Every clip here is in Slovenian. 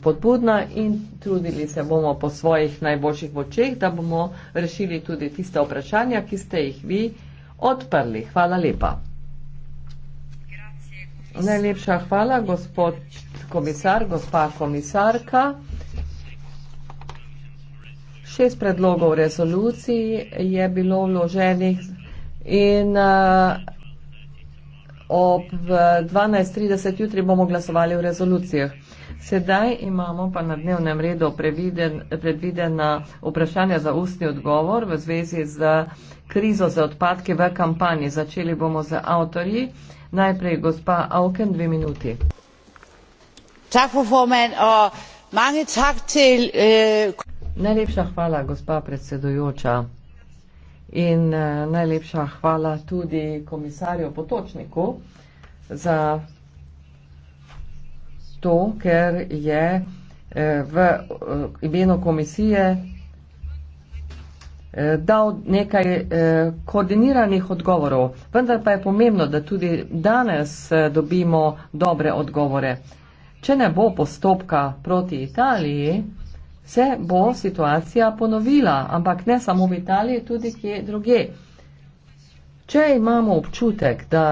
spodbudna in trudili se bomo po svojih najboljših močeh, da bomo rešili tudi tiste vprašanja, ki ste jih vi odprli. Hvala lepa. Najlepša hvala, gospod komisar, gospa komisarka. Šest predlogov rezoluciji je bilo vloženih in uh, ob 12.30 jutri bomo glasovali v rezolucijah. Sedaj imamo pa na dnevnem redu previden, predvidena vprašanja za ustni odgovor v zvezi z krizo za odpadke v kampanji. Začeli bomo z avtorji. Najprej gospa Auken, dve minuti. Øh, najlepša hvala, gospa predsedujoča. In eh, najlepša hvala tudi komisarju Potočniku za to, ker je eh, v eh, imenu komisije eh, dal nekaj koordiniranih odgovorov. Vendar pa je pomembno, da tudi danes dobimo dobre odgovore. Če ne bo postopka proti Italiji, se bo situacija ponovila, ampak ne samo v Italiji, tudi kje druge. Če imamo občutek, da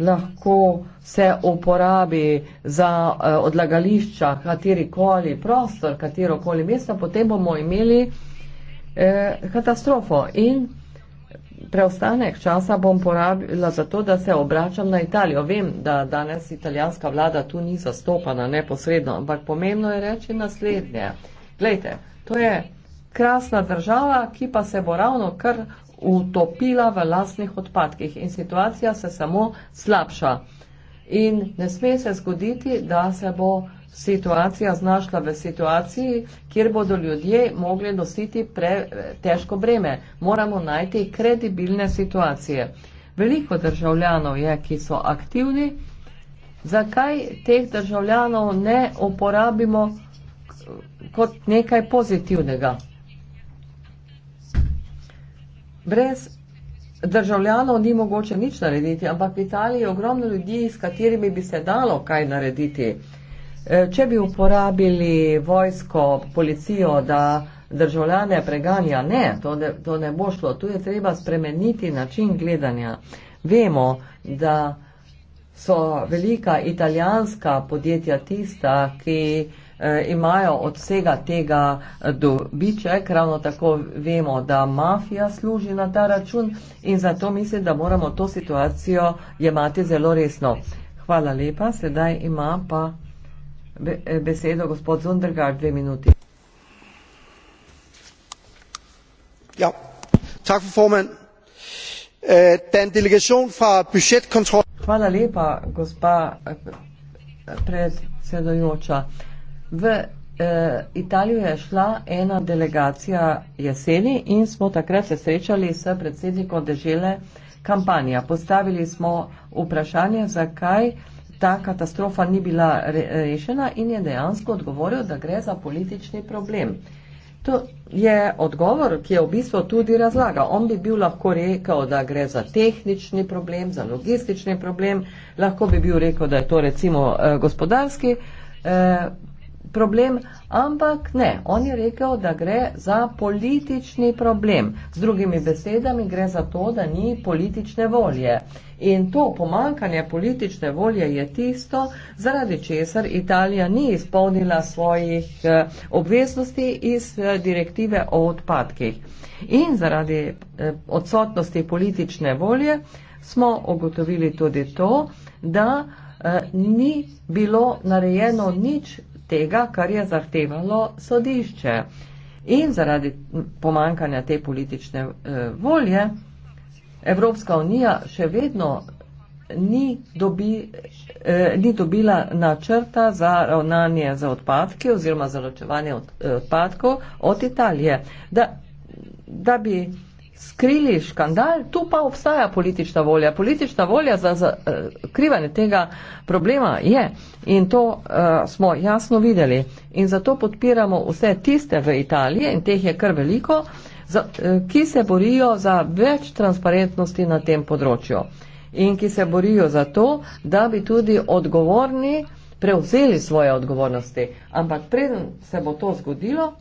lahko se uporabi za eh, odlagališča, katerikoli prostor, katerokoli mesto, potem bomo imeli eh, katastrofo. In preostanek časa bom porabila za to, da se obračam na Italijo. Vem, da danes italijanska vlada tu ni zastopana neposredno, ampak pomembno je reči naslednje. Glejte, to je krasna država, ki pa se bo ravno kar utopila v lasnih odpadkih in situacija se samo slabša. In ne sme se zgoditi, da se bo situacija znašla v situaciji, kjer bodo ljudje mogli nositi pre, težko breme. Moramo najti kredibilne situacije. Veliko državljanov je, ki so aktivni. Zakaj teh državljanov ne uporabimo kot nekaj pozitivnega? brez državljanov ni mogoče nič narediti, ampak v Italiji je ogromno ljudi, s katerimi bi se dalo kaj narediti. E, če bi uporabili vojsko, policijo, da državljane preganja, ne, to ne, to ne bo šlo. Tu je treba spremeniti način gledanja. Vemo, da so velika italijanska podjetja tista, ki Eh, imajo od vsega tega eh, dobiček, ravno tako vemo, da mafija služi na ta račun in zato mislim, da moramo to situacijo jemati zelo resno. Hvala lepa, sedaj ima pa eh, besedo gospod Zundergaard, dve minuti. Ja, tak for formand. Den delegation fra budgetkontrol... Hvala lepa, gospa predsedojoča. V eh, Italijo je šla ena delegacija jeseni in smo takrat se srečali s predsednikom države kampanja. Postavili smo vprašanje, zakaj ta katastrofa ni bila rešena in je dejansko odgovoril, da gre za politični problem. To je odgovor, ki je v bistvu tudi razlaga. On bi bil lahko rekel, da gre za tehnični problem, za logistični problem, lahko bi bil rekel, da je to recimo eh, gospodarski eh, problem, ampak ne, on je rekel, da gre za politični problem. Z drugimi besedami gre za to, da ni politične volje. In to pomankanje politične volje je tisto, zaradi česar Italija ni izpolnila svojih eh, obveznosti iz eh, direktive o odpadkih. In zaradi eh, odsotnosti politične volje smo ugotovili tudi to, da ni bilo narejeno nič tega, kar je zahtevalo sodišče. In zaradi pomankanja te politične eh, volje Evropska unija še vedno ni, dobi, eh, ni dobila načrta za ravnanje za odpadke oziroma za ločevanje od, eh, odpadkov od Italije. Da, da bi skrili škandal, tu pa obstaja politična volja. Politična volja za zakrivanje eh, tega problema je in to uh, smo jasno videli. In zato podpiramo vse tiste v Italiji in teh je kar veliko, za, uh, ki se borijo za več transparentnosti na tem področju in ki se borijo za to, da bi tudi odgovorni prevzeli svoje odgovornosti. Ampak preden se bo to zgodilo,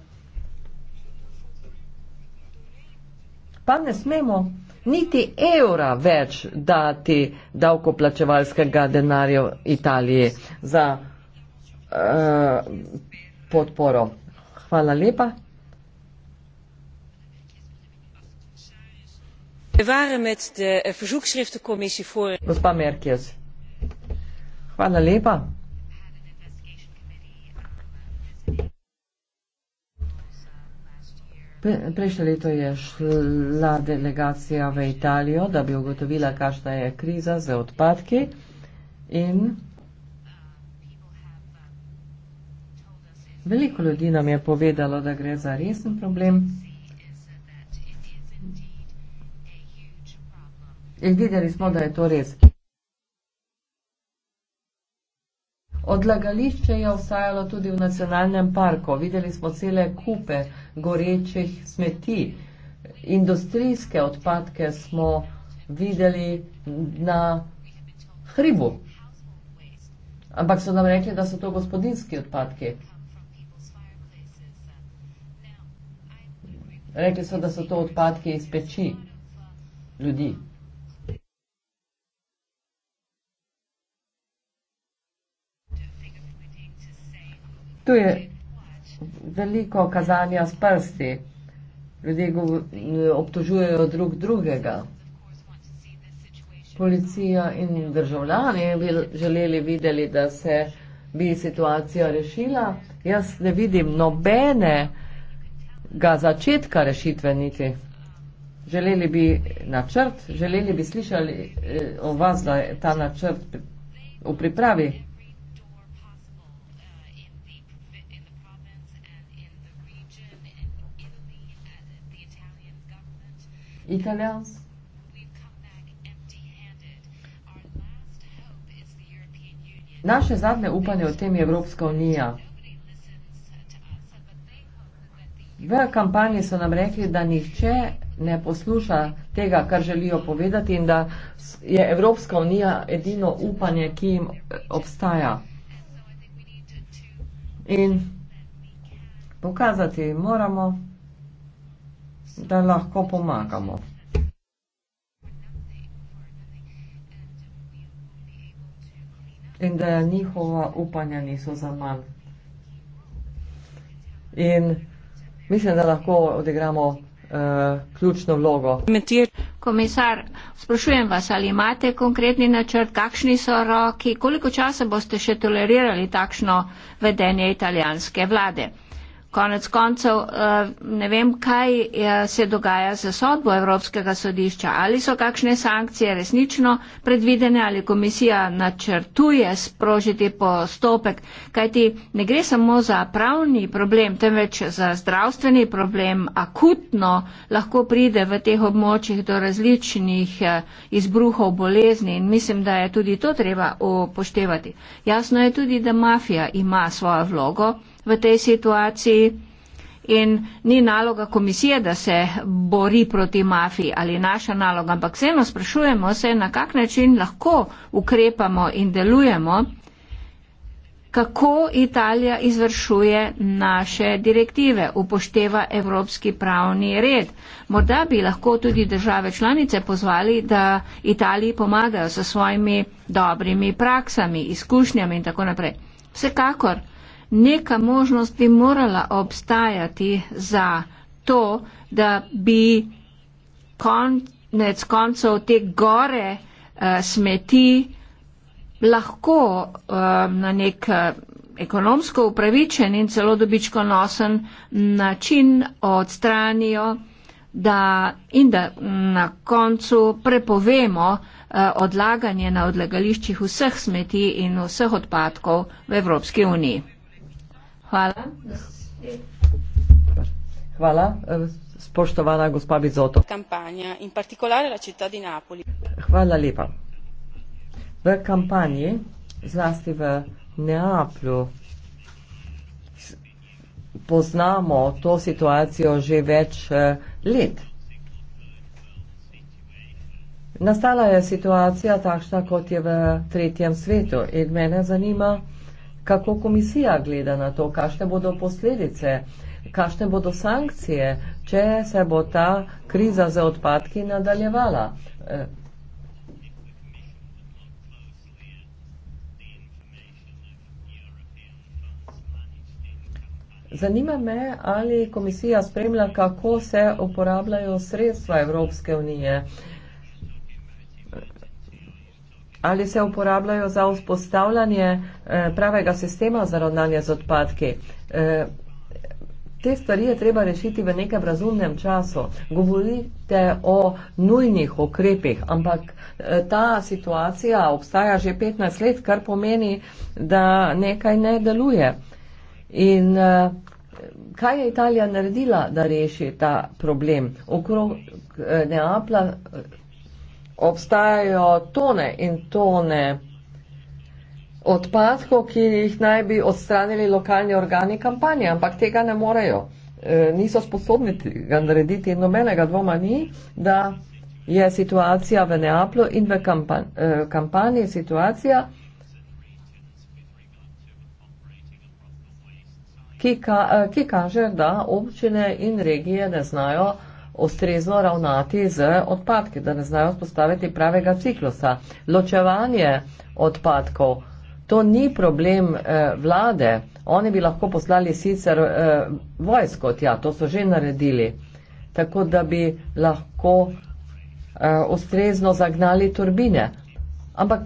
pa ne smemo niti evra več dati davkoplačevalskega denarja v Italiji za uh, podporo. Hvala lepa. Eh, Gospa Merkijas, hvala lepa. Prejšnje leto je šla delegacija v Italijo, da bi ugotovila, kakšna je kriza z odpadki in veliko ljudi nam je povedalo, da gre za resen problem. In videli smo, da je to res. Odlagališče je obstajalo tudi v nacionalnem parku. Videli smo cele kupe gorečih smeti. Industrijske odpadke smo videli na hribu. Ampak so nam rekli, da so to gospodinski odpadki. Rekli so, da so to odpadki iz peči ljudi. Tu je veliko kazanja s prsti. Ljudje obtožujejo drug drugega. Policija in državljani bi želeli videli, da se bi situacija rešila. Jaz ne vidim nobene ga začetka rešitve niti. Želeli bi načrt, želeli bi slišali eh, o vas, da je ta načrt v pripravi. italijansk. Naše zadnje upanje o tem je Evropska unija. V kampanji so nam rekli, da nihče ne posluša tega, kar želijo povedati in da je Evropska unija edino upanje, ki jim obstaja. In pokazati moramo da lahko pomagamo. In da njihova upanja niso za manj. In mislim, da lahko odigramo uh, ključno vlogo. Komisar, sprašujem vas, ali imate konkretni načrt, kakšni so roki, koliko časa boste še tolerirali takšno vedenje italijanske vlade? Konec koncev eh, ne vem, kaj eh, se dogaja z sodbo Evropskega sodišča. Ali so kakšne sankcije resnično predvidene ali komisija načrtuje sprožiti postopek, kajti ne gre samo za pravni problem, temveč za zdravstveni problem. Akutno lahko pride v teh območjih do različnih eh, izbruhov bolezni in mislim, da je tudi to treba upoštevati. Jasno je tudi, da mafija ima svojo vlogo v tej situaciji in ni naloga komisije, da se bori proti mafiji ali naša naloga, ampak vseeno sprašujemo se, na kak način lahko ukrepamo in delujemo, kako Italija izvršuje naše direktive, upošteva evropski pravni red. Morda bi lahko tudi države članice pozvali, da Italiji pomagajo s svojimi dobrimi praksami, izkušnjami in tako naprej. Vsekakor neka možnost bi morala obstajati za to, da bi konec koncev te gore uh, smeti lahko uh, na nek eh, ekonomsko upravičen in celo dobičkonosen način odstranijo da in da na koncu prepovemo uh, odlaganje na odlagališčih vseh smeti in vseh odpadkov v Evropski uniji. Hvala. Hvala. E, spoštovana gospa Bizoto. Kampanja in particolare la città di Napoli. Hvala lepa. V kampanji, zlasti v Neaplju, poznamo to situacijo že več e, let. Nastala je situacija takšna, kot je v tretjem svetu in mene zanima, kako komisija gleda na to, kakšne bodo posledice, kakšne bodo sankcije, če se bo ta kriza za odpadki nadaljevala. Eh. Zanima me, ali komisija spremlja, kako se uporabljajo sredstva Evropske unije ali se uporabljajo za vzpostavljanje eh, pravega sistema za ravnanje z odpadki. Eh, te stvari je treba rešiti v nekem razumnem času. Govorite o nujnih ukrepih, ampak eh, ta situacija obstaja že 15 let, kar pomeni, da nekaj ne deluje. In kaj je Italija naredila, da reši ta problem? Okrog Neapla obstajajo tone in tone odpadkov, ki jih naj bi odstranili lokalni organi kampanje, ampak tega ne morejo. E, niso sposobni ga narediti in nobenega dvoma ni, da je situacija v Neaplju in v e, kampanji situacija, ki, ka, e, ki kaže, da občine in regije ne znajo ustrezno ravnati z odpadki, da ne znajo spostaviti pravega ciklusa. Ločevanje odpadkov, to ni problem eh, vlade. Oni bi lahko poslali sicer eh, vojsko tja, to so že naredili, tako da bi lahko eh, ustrezno zagnali turbine. Ampak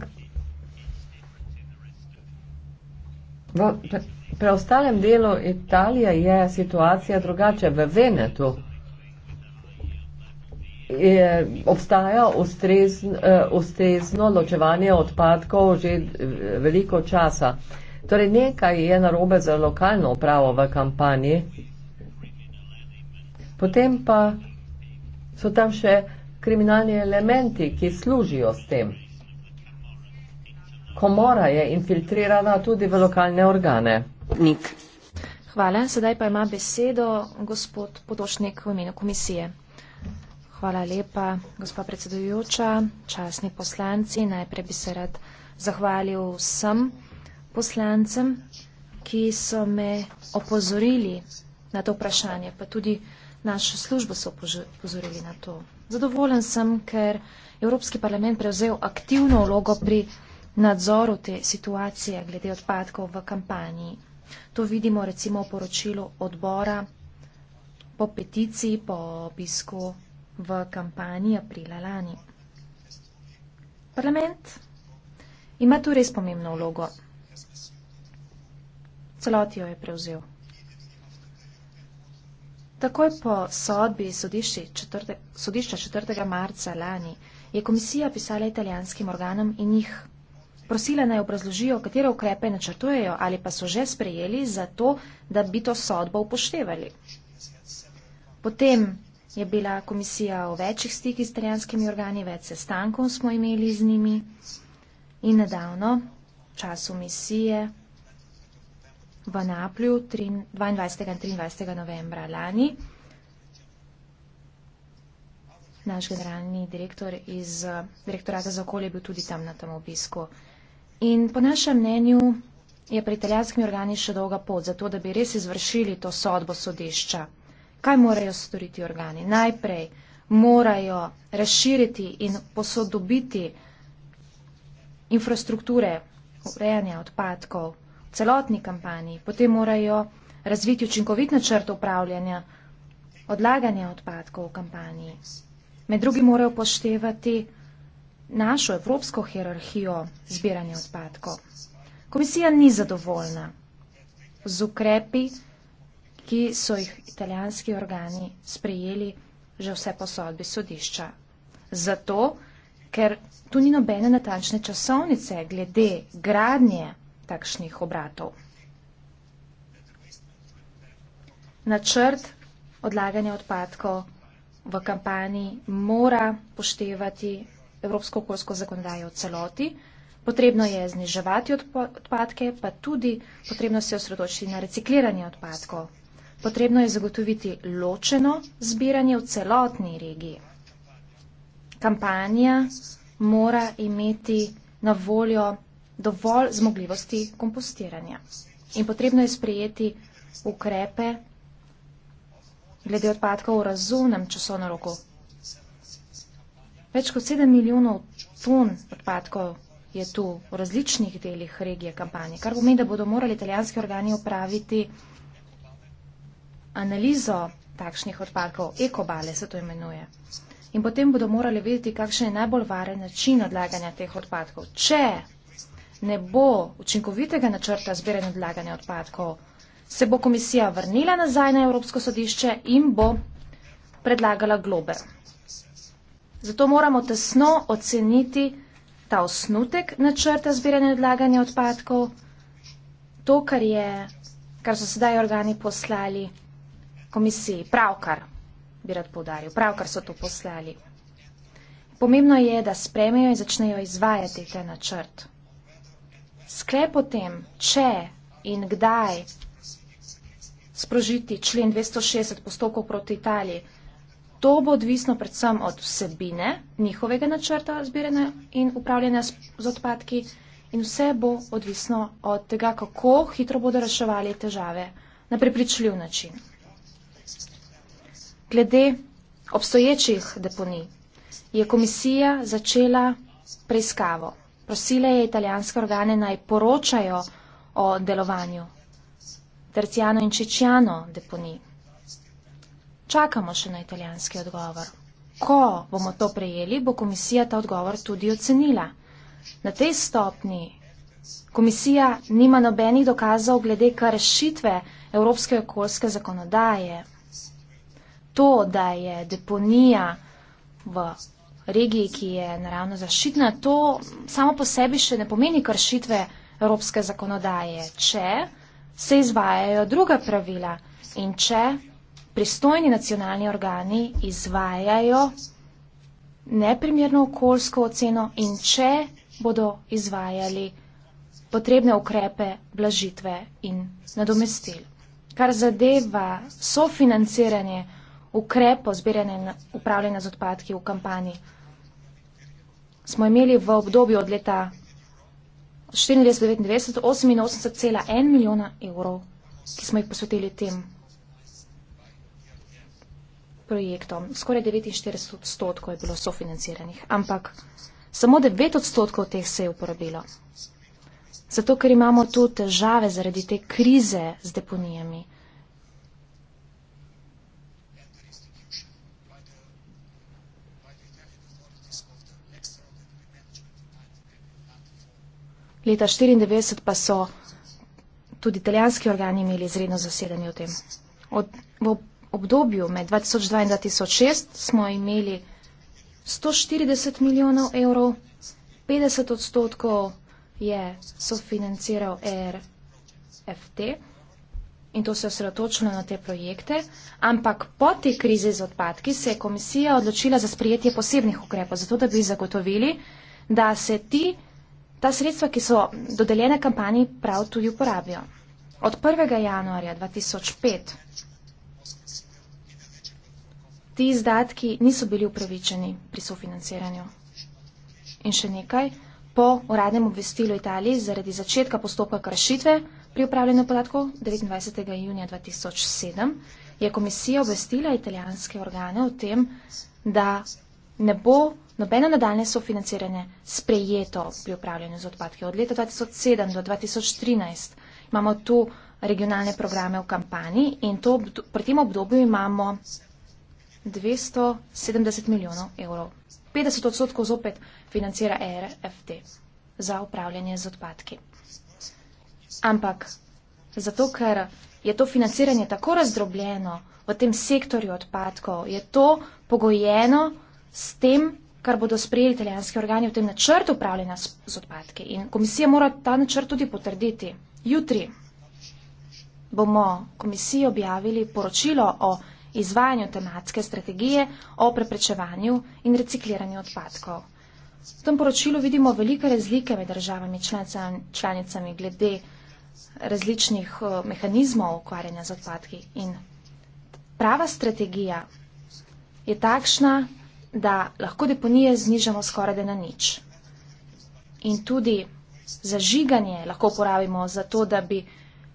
v preostalem delu Italije je situacija drugače. V Venetu je, obstaja ustrezn, eh, ustrezno ločevanje odpadkov že eh, veliko časa. Torej, nekaj je narobe za lokalno upravo v kampanji. Potem pa so tam še kriminalni elementi, ki služijo s tem. Komora je infiltrirana tudi v lokalne organe. Nik. Hvala. Sedaj pa ima besedo gospod Potošnik v imenu komisije. Hvala lepa, gospa predsedujoča, časni poslanci. Najprej bi se rad zahvalil vsem poslancem, ki so me opozorili na to vprašanje, pa tudi našo službo so opozorili na to. Zadovoljen sem, ker Evropski parlament prevzel aktivno vlogo pri nadzoru te situacije glede odpadkov v kampanji. To vidimo recimo v poročilu odbora po peticiji, po obisku v kampanji aprila lani. Parlament ima tu res pomembno vlogo. Celoti jo je prevzel. Takoj po sodbi četrte, sodišča 4. marca lani je komisija pisala italijanskim organom in jih prosila naj obrazložijo, katere ukrepe načrtujejo ali pa so že sprejeli za to, da bi to sodbo upoštevali. Potem je bila komisija v večjih stikih z italijanskimi organi, več sestankov smo imeli z njimi in nedavno, v času misije v Naplju 22. in 23. novembra lani, naš generalni direktor iz direktorata za okolje je bil tudi tam na tem obisku. In po našem mnenju je pri italijanskimi organi še dolga pot, zato da bi res izvršili to sodbo sodišča kaj morajo storiti organi? Najprej morajo razširiti in posodobiti infrastrukture urejanja odpadkov v celotni kampanji, potem morajo razviti učinkovit načrt upravljanja odlaganja odpadkov v kampanji. Med drugi morajo poštevati našo evropsko hierarhijo zbiranja odpadkov. Komisija ni zadovoljna z ukrepi, ki so jih italijanski organi sprejeli že vse po sodbi sodišča. Zato, ker tu ni nobene natančne časovnice glede gradnje takšnih obratov. Načrt odlaganja odpadkov v kampanji mora poštevati Evropsko okoljsko zakonodajo v celoti. Potrebno je zniževati odpadke, pa tudi potrebno se osredočiti na recikliranje odpadkov. Potrebno je zagotoviti ločeno zbiranje v celotni regiji. Kampanja mora imeti na voljo dovolj zmogljivosti kompostiranja. In potrebno je sprejeti ukrepe glede odpadkov v razumnem časovnem roku. Več kot 7 milijonov ton odpadkov je tu v različnih delih regije kampanje, kar pomeni, da bodo morali italijanski organi upraviti analizo takšnih odpadkov, ekobale se to imenuje. In potem bodo morali vedeti, kakšen je najbolj varen način odlaganja teh odpadkov. Če ne bo učinkovitega načrta zbiranja odlaganja odpadkov, se bo komisija vrnila nazaj na Evropsko sodišče in bo predlagala globe. Zato moramo tesno oceniti ta osnutek načrta zbiranja odlaganja odpadkov, to, kar, je, kar so sedaj organi poslali komisiji. Pravkar, bi rad povdaril, pravkar so to poslali. Pomembno je, da spremejo in začnejo izvajati ta načrt. Sklep o tem, če in kdaj sprožiti člen 260 postopkov proti Italiji, to bo odvisno predvsem od vsebine njihovega načrta zbiranja in upravljanja z odpadki in vse bo odvisno od tega, kako hitro bodo reševali težave na prepričljiv način. Glede obstoječih deponij je komisija začela preiskavo. Prosila je italijanske organe naj poročajo o delovanju Terciano in Čičjano deponij. Čakamo še na italijanski odgovor. Ko bomo to prejeli, bo komisija ta odgovor tudi ocenila. Na tej stopni komisija nima nobenih dokazov glede kar rešitve Evropske okoljske zakonodaje to, da je deponija v regiji, ki je naravno zaščitna, to samo po sebi še ne pomeni kršitve evropske zakonodaje, če se izvajajo druga pravila in če pristojni nacionalni organi izvajajo neprimerno okoljsko oceno in če bodo izvajali potrebne ukrepe, blažitve in nadomestil. Kar zadeva sofinanciranje ukrepov zbiranja in upravljanja z odpadki v kampanji. Smo imeli v obdobju od leta 1994-1988,1 milijona evrov, ki smo jih posvetili tem projektom. Skoraj 49 odstotkov je bilo sofinanciranih, ampak samo 9 odstotkov teh se je uporabilo. Zato, ker imamo tu težave zaradi te krize z deponijami. leta 1994 pa so tudi italijanski organi imeli izredno zasedanje o tem. Od, v obdobju med 2002 in 2006 smo imeli 140 milijonov evrov, 50 odstotkov je sofinanciral e RFT in to se je osredotočilo na te projekte, ampak po te krizi z odpadki se je komisija odločila za sprijetje posebnih ukrepov, zato da bi zagotovili, da se ti Ta sredstva, ki so dodeljene kampanji, prav tudi uporabijo. Od 1. januarja 2005 ti izdatki niso bili upravičeni pri sofinanciranju. In še nekaj, po uradnem obvestilu Italiji zaradi začetka postopka kršitve pri upravljanju podatkov 29. junija 2007 je komisija obvestila italijanske organe o tem, da ne bo nobeno nadaljne sofinanciranje sprejeto pri upravljanju z odpadki. Od leta 2007 do 2013 imamo tu regionalne programe v kampanji in to, pri tem obdobju imamo 270 milijonov evrov. 50 odstotkov zopet financira e RFT za upravljanje z odpadki. Ampak zato, ker je to financiranje tako razdrobljeno v tem sektorju odpadkov, je to pogojeno s tem, kar bodo sprejeli italijanski organi v tem načrtu upravljanja z odpadki. In komisija mora ta načrt tudi potrditi. Jutri bomo komisiji objavili poročilo o izvajanju tematske strategije o preprečevanju in recikliranju odpadkov. V tem poročilu vidimo velike razlike med državami članicami glede različnih eh, mehanizmov ukvarjanja z odpadki. In prava strategija je takšna, da lahko deponije znižamo skoraj da na nič. In tudi zažiganje lahko uporabimo za to, da bi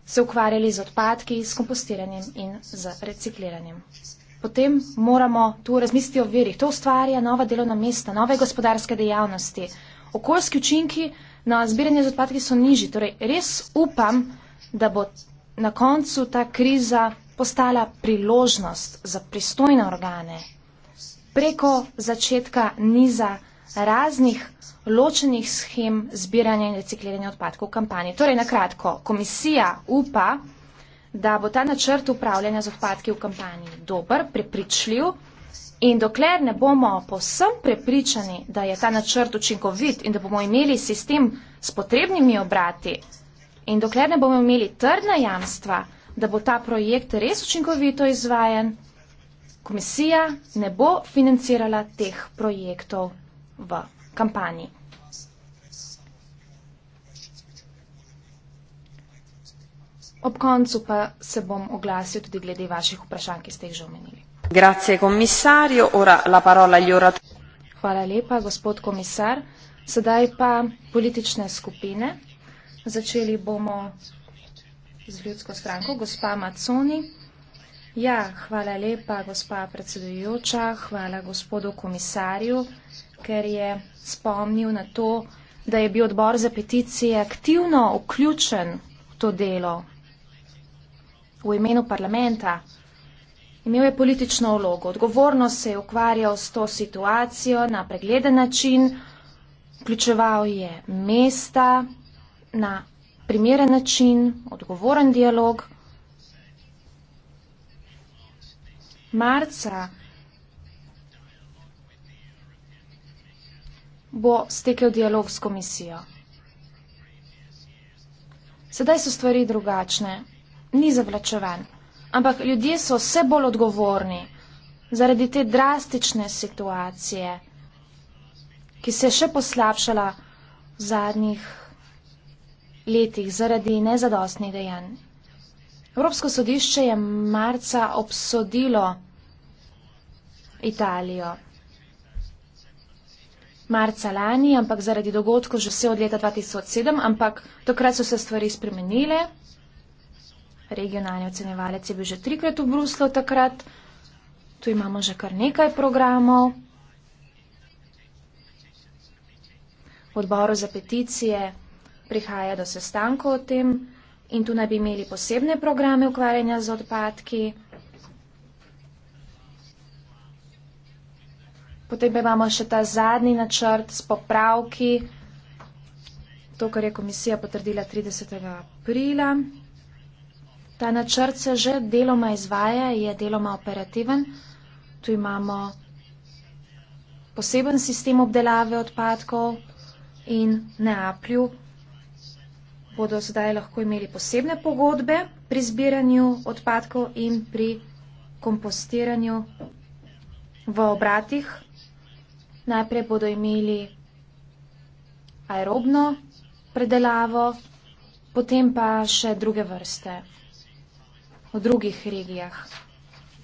se ukvarjali z odpadki, s kompostiranjem in z recikliranjem. Potem moramo tu razmisliti o verih. To ustvarja nova delovna mesta, nove gospodarske dejavnosti. Okoljski učinki na zbiranje z odpadki so nižji. Torej, res upam, da bo na koncu ta kriza postala priložnost za pristojne organe preko začetka niza raznih ločenih schem zbiranja in recikliranja odpadkov v kampanji. Torej, na kratko, komisija upa, da bo ta načrt upravljanja z odpadki v kampanji dober, prepričljiv in dokler ne bomo posem prepričani, da je ta načrt učinkovit in da bomo imeli sistem s potrebnimi obrati in dokler ne bomo imeli trdna jamstva, da bo ta projekt res učinkovito izvajen komisija ne bo financirala teh projektov v kampanji. Ob koncu pa se bom oglasil tudi glede vaših vprašanj, ki ste jih že omenili. Grazie, Ora la parola gli orat- Hvala lepa, gospod komisar. Sedaj pa politične skupine. Začeli bomo z ljudsko stranko, gospa Maconi. Ja, hvala lepa, gospa predsedujoča, hvala gospodu komisarju, ker je spomnil na to, da je bil odbor za peticije aktivno vključen v to delo v imenu parlamenta. Imel je politično vlogo, odgovorno se je ukvarjal s to situacijo na pregleden način, vključeval je mesta na primeren način, odgovoren dialog. marca bo stekel dialog s komisijo. Sedaj so stvari drugačne, ni zavlačeven, ampak ljudje so vse bolj odgovorni zaradi te drastične situacije, ki se je še poslabšala v zadnjih letih zaradi nezadostnih dejanj Evropsko sodišče je marca obsodilo Italijo. Marca lani, ampak zaradi dogodkov že vse od leta 2007, ampak takrat so se stvari spremenile. Regionalni ocenjevalec je bil že trikrat v Bruslu takrat. Tu imamo že kar nekaj programov. V odboru za peticije prihaja do sestankov o tem in tu naj bi imeli posebne programe ukvarjanja z odpadki. Potem pa imamo še ta zadnji načrt s popravki, to, kar je komisija potrdila 30. aprila. Ta načrt se že deloma izvaja, je deloma operativen. Tu imamo poseben sistem obdelave odpadkov in Neaplju bodo zdaj lahko imeli posebne pogodbe pri zbiranju odpadkov in pri kompostiranju v obratih. Najprej bodo imeli aerobno predelavo, potem pa še druge vrste v drugih regijah,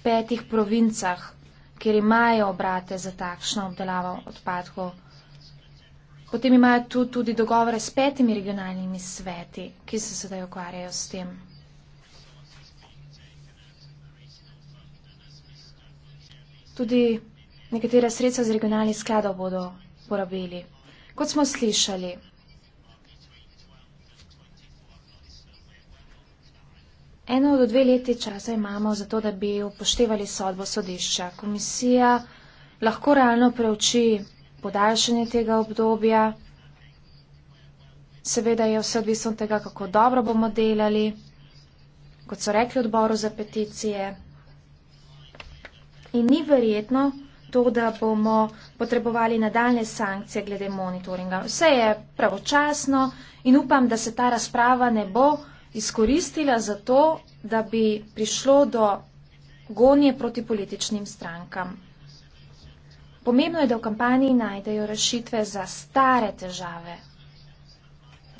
petih provincah, kjer imajo obrate za takšno obdelavo odpadkov. Potem imajo tu tudi dogovore s petimi regionalnimi sveti, ki se sedaj ukvarjajo s tem. Tudi nekatera sredstva z regionalnih skladov bodo porabili. Kot smo slišali, eno do dve leti časa imamo za to, da bi upoštevali sodbo sodišča. Komisija lahko realno preuči podaljšanje tega obdobja. Seveda je vse odvisno od tega, kako dobro bomo delali, kot so rekli odboru za peticije. In ni verjetno to, da bomo potrebovali nadaljne sankcije glede monitoringa. Vse je pravočasno in upam, da se ta razprava ne bo izkoristila za to, da bi prišlo do gonje proti političnim strankam. Pomembno je, da v kampanji najdejo rešitve za stare težave.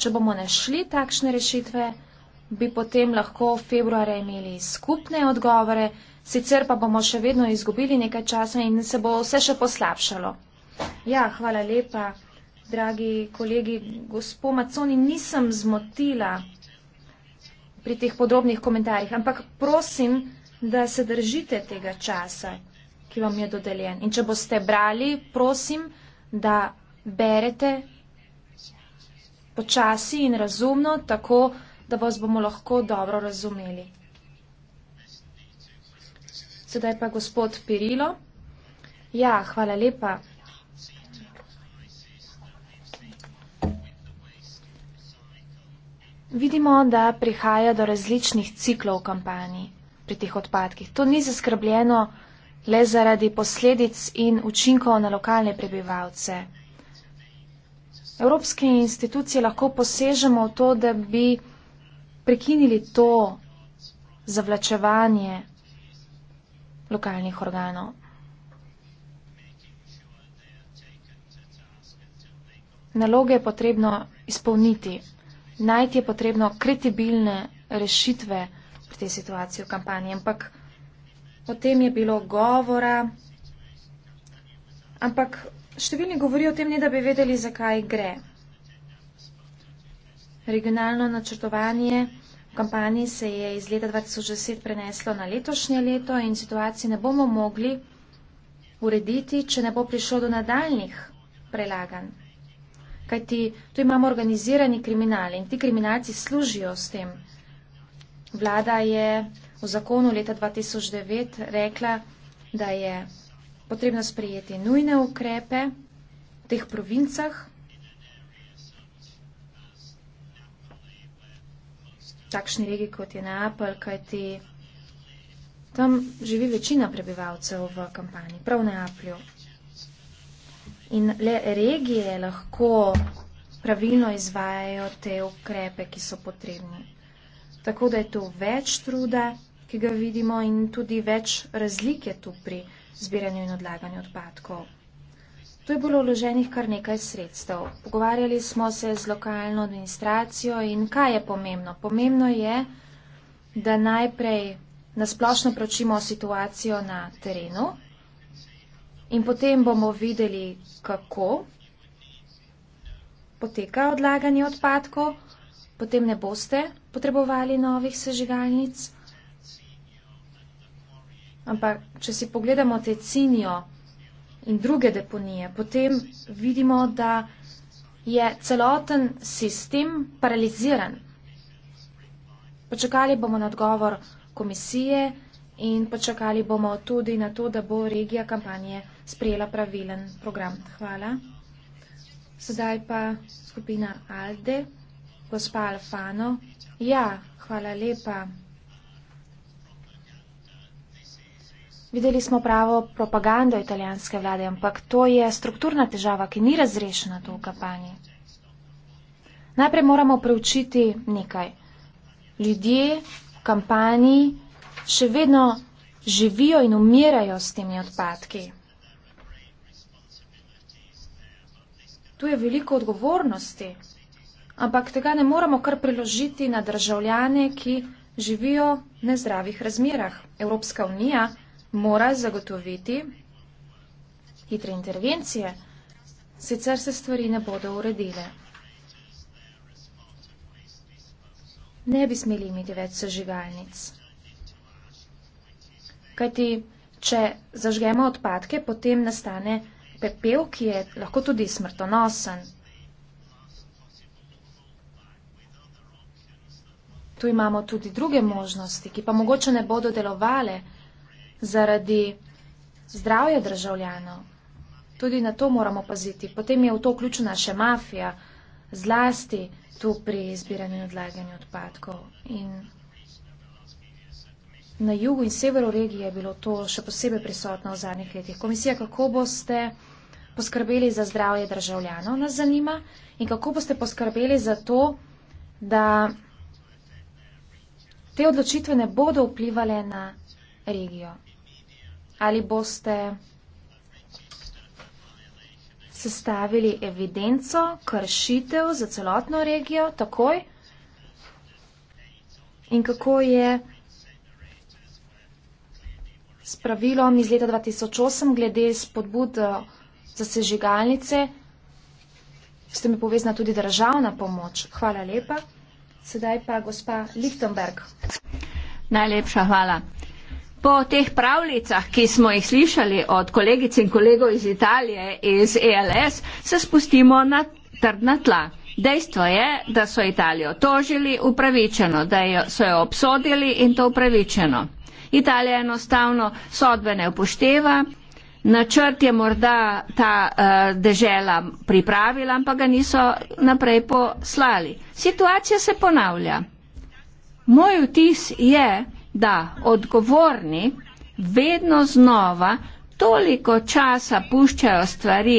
Če bomo našli takšne rešitve, bi potem lahko v februarju imeli skupne odgovore, sicer pa bomo še vedno izgubili nekaj časa in se bo vse še poslabšalo. Ja, hvala lepa, dragi kolegi. Gospod Maconi, nisem zmotila pri teh podrobnih komentarjih, ampak prosim, da se držite tega časa ki vam je dodeljen. In če boste brali, prosim, da berete počasi in razumno, tako da vas bomo lahko dobro razumeli. Sedaj pa gospod Pirilo. Ja, hvala lepa. Vidimo, da prihaja do različnih ciklov kampanji pri teh odpadkih. To ni zaskrbljeno odpadkih le zaradi posledic in učinkov na lokalne prebivalce. Evropske institucije lahko posežemo v to, da bi prekinili to zavlačevanje lokalnih organov. Naloge je potrebno izpolniti. Najti je potrebno kredibilne rešitve pri tej situaciji v kampanji, ampak o tem je bilo govora, ampak številni govorijo o tem, ne da bi vedeli, zakaj gre. Regionalno načrtovanje v kampanji se je iz leta 2010 preneslo na letošnje leto in situacije ne bomo mogli urediti, če ne bo prišlo do nadaljnih prelagan. Kaj ti, tu imamo organizirani kriminal in ti kriminalci služijo s tem. Vlada je v zakonu leta 2009 rekla, da je potrebno sprejeti nujne ukrepe v teh provincah, takšni regiji kot je Neapelj, kajti tam živi večina prebivalcev v kampanji, prav Neaplju. In le regije lahko pravilno izvajajo te ukrepe, ki so potrebni. Tako da je to več trude, ki ga vidimo in tudi več razlike tu pri zbiranju in odlaganju odpadkov. Tu je bilo vloženih kar nekaj sredstev. Pogovarjali smo se z lokalno administracijo in kaj je pomembno? Pomembno je, da najprej nasplošno pročimo situacijo na terenu in potem bomo videli, kako poteka odlaganje odpadkov, potem ne boste potrebovali novih sežigalnic. Ampak, če si pogledamo te cinijo in druge deponije, potem vidimo, da je celoten sistem paraliziran. Počakali bomo na odgovor komisije in počakali bomo tudi na to, da bo regija kampanje sprejela pravilen program. Hvala. Sedaj pa skupina Alde, gospa Alfano. Ja, hvala lepa. Videli smo pravo propagando italijanske vlade, ampak to je strukturna težava, ki ni razrešena tu v kampanji. Najprej moramo preučiti nekaj. Ljudje v kampanji še vedno živijo in umirajo s temi odpadki. Tu je veliko odgovornosti, ampak tega ne moramo kar preložiti na državljane, ki živijo v nezdravih razmerah. Evropska unija mora zagotoviti hitre intervencije, sicer se stvari ne bodo uredile. Ne bi smeli imeti več sežigalnic. Kajti, če zažgemo odpadke, potem nastane pepel, ki je lahko tudi smrtonosen. Tu imamo tudi druge možnosti, ki pa mogoče ne bodo delovale zaradi zdravja državljanov. Tudi na to moramo paziti. Potem je v to vključena še mafija, zlasti tu pri izbiranju in odlaganju odpadkov. In na jugu in severu regije je bilo to še posebej prisotno v zadnjih letih. Komisija, kako boste poskrbeli za zdravje državljanov, nas zanima in kako boste poskrbeli za to, da te odločitve ne bodo vplivali na regijo? Ali boste sestavili evidenco kršitev za celotno regijo takoj? In kako je s pravilom iz leta 2008 glede spodbud eh, za sežigalnice? Ste mi povezna tudi državna pomoč. Hvala lepa. Sedaj pa gospa Lichtenberg. Najlepša hvala po teh pravljicah, ki smo jih slišali od kolegic in kolegov iz Italije, iz ELS, se spustimo na trdna tla. Dejstvo je, da so Italijo tožili upravičeno, da jo, so jo obsodili in to upravičeno. Italija enostavno sodbe ne upošteva, načrt je morda ta uh, dežela pripravila, ampak ga niso naprej poslali. Situacija se ponavlja. Moj vtis je, da odgovorni vedno znova toliko časa puščajo stvari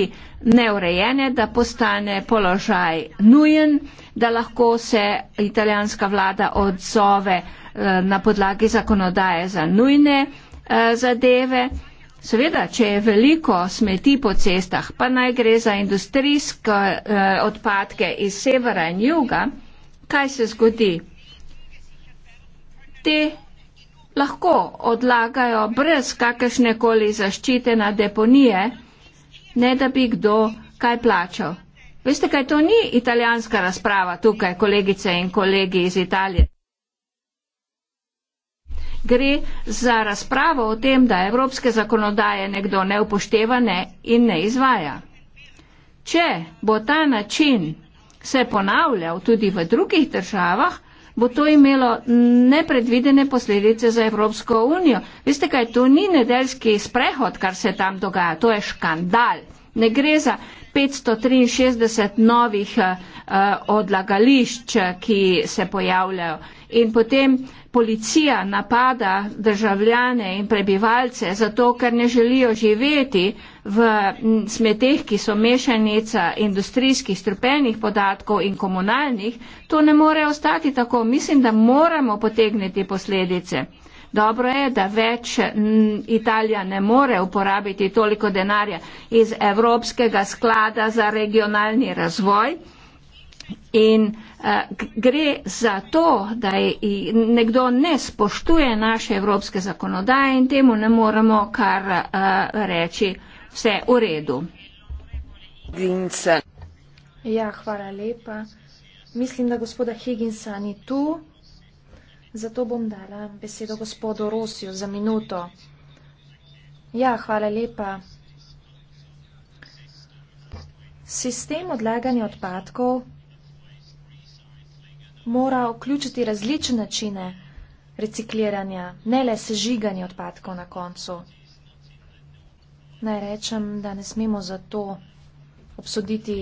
neurejene, da postane položaj nujen, da lahko se italijanska vlada odzove eh, na podlagi zakonodaje za nujne eh, zadeve. Seveda, če je veliko smeti po cestah, pa naj gre za industrijske eh, odpadke iz severa in juga, kaj se zgodi? Te lahko odlagajo brez kakršne koli zaščite na deponije, ne da bi kdo kaj plačal. Veste, kaj to ni italijanska razprava tukaj, kolegice in kolegi iz Italije. Gre za razpravo o tem, da evropske zakonodaje nekdo ne upošteva ne in ne izvaja. Če bo ta način se ponavljal tudi v drugih državah, bo to imelo nepredvidene posledice za Evropsko unijo. Veste kaj, to ni nedeljski sprehod, kar se tam dogaja, to je škandal. Ne gre za 563 novih uh, odlagališč, ki se pojavljajo. In potem policija napada državljane in prebivalce zato, ker ne želijo živeti v smeteh, ki so mešanica industrijskih strupenih podatkov in komunalnih, to ne more ostati tako. Mislim, da moramo potegniti posledice. Dobro je, da več Italija ne more uporabiti toliko denarja iz Evropskega sklada za regionalni razvoj. In uh, gre za to, da nekdo ne spoštuje naše evropske zakonodaje in temu ne moremo kar uh, reči vse v redu. Vince. Ja, hvala lepa. Mislim, da gospoda Higginsa ni tu. Zato bom dala besedo gospodu Rosiju za minuto. Ja, hvala lepa. Sistem odlaganja odpadkov mora vključiti različne načine recikliranja, ne le sežiganje odpadkov na koncu. Naj rečem, da ne smemo zato obsoditi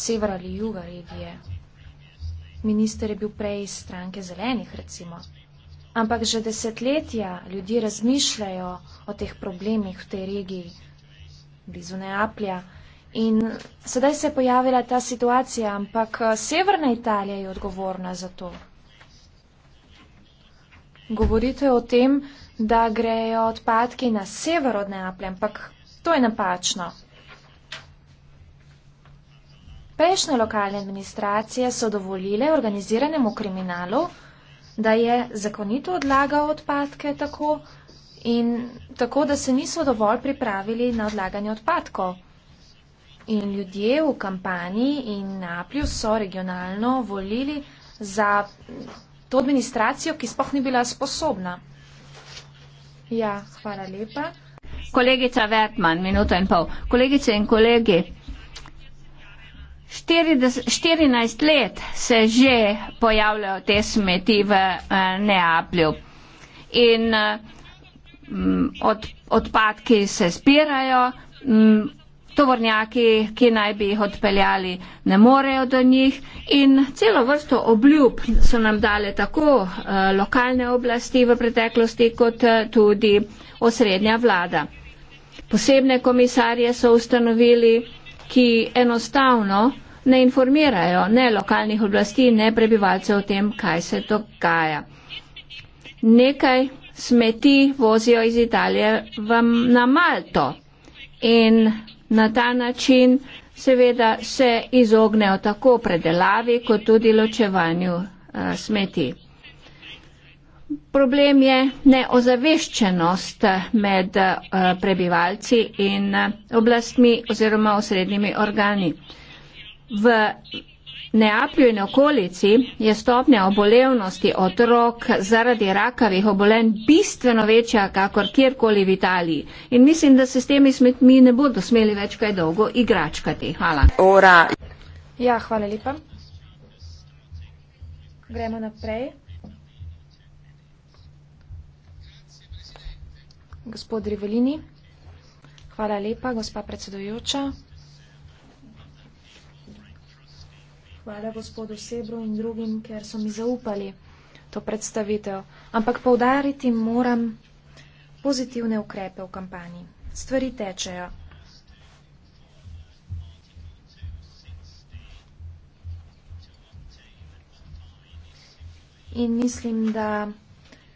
severa ali juga regije. Minister je bil prej iz stranke zelenih, recimo. Ampak že desetletja ljudje razmišljajo o teh problemih v tej regiji, blizu Neaplja. In sedaj se je pojavila ta situacija, ampak eh, Severna Italija je odgovorna za to. Govorite o tem, da grejo odpadki na sever od Neaplja, ampak to je napačno. Prejšnje lokalne administracije so dovolile organiziranemu kriminalu, da je zakonito odlagal odpadke tako, in tako, da se niso dovolj pripravili na odlaganje odpadkov in ljudje v kampanji in Naplju so regionalno volili za to administracijo, ki spoh ni bila sposobna. Ja, hvala lepa. Kolegica Vertman, minuto in pol. Kolegice in kolegi, 14 let se že pojavljajo te smeti v eh, Neaplju. In eh, odpadki se spirajo, tovornjaki, ki naj bi jih odpeljali, ne morejo do njih in celo vrsto obljub so nam dale tako eh, lokalne oblasti v preteklosti, kot eh, tudi osrednja vlada. Posebne komisarje so ustanovili, ki enostavno ne informirajo ne lokalnih oblasti, ne prebivalcev o tem, kaj se dogaja. Nekaj smeti vozijo iz Italije v, na Malto in na ta način seveda se izognejo tako predelavi kot tudi ločevanju eh, smeti. Problem je neozaveščenost med eh, prebivalci in eh, oblastmi oziroma osrednjimi organi. V Neaplju in okolici je stopnja obolevnosti otrok zaradi rakavih obolen bistveno večja, kakor kjerkoli v Italiji. In mislim, da se s temi smetmi ne bodo smeli več kaj dolgo igračkati. Hvala. Ora. Ja, hvala lepa. Gremo naprej. Gospod Rivelini. Hvala lepa, gospa predsedujoča. Hvala gospodu Sebru in drugim, ker so mi zaupali to predstavitev. Ampak povdariti moram pozitivne ukrepe v kampanji. Stvari tečejo. In mislim, da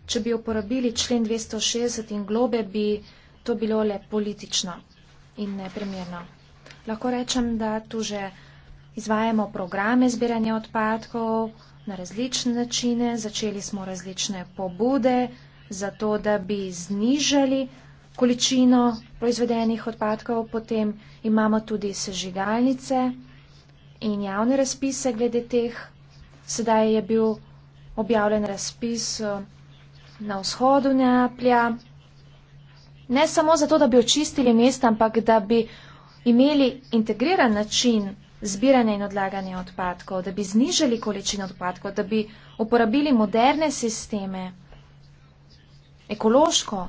če bi uporabili člen 260 in globe, bi to bilo le politično in neprimerno. Lahko rečem, da tu že izvajamo programe zbiranja odpadkov na različne načine. Začeli smo različne pobude za to, da bi znižali količino proizvedenih odpadkov. Potem imamo tudi sežigalnice in javne razpise glede teh. Sedaj je bil objavljen razpis eh, na vzhodu Neaplja. Ne samo zato, da bi očistili mesta, ampak da bi imeli integriran način zbiranje in odlaganje odpadkov, da bi znižali količino odpadkov, da bi uporabili moderne sisteme, ekološko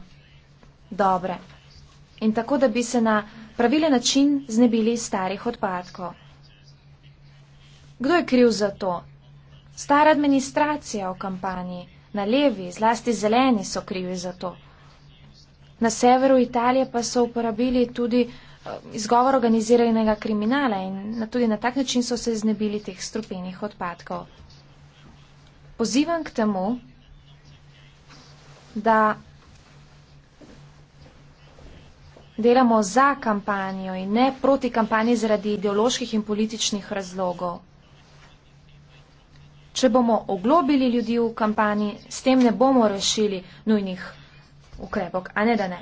dobre in tako, da bi se na pravile način znebili starih odpadkov. Kdo je kriv za to? Stara administracija v kampanji, na levi, zlasti zeleni so krivi za to. Na severu Italije pa so uporabili tudi izgovor organiziranega kriminala in na tudi na tak način so se iznebili teh strupenih odpadkov. Pozivam k temu, da delamo za kampanjo in ne proti kampanji zaradi ideoloških in političnih razlogov. Če bomo oglobili ljudi v kampanji, s tem ne bomo rešili nujnih ukrepov, a ne da ne.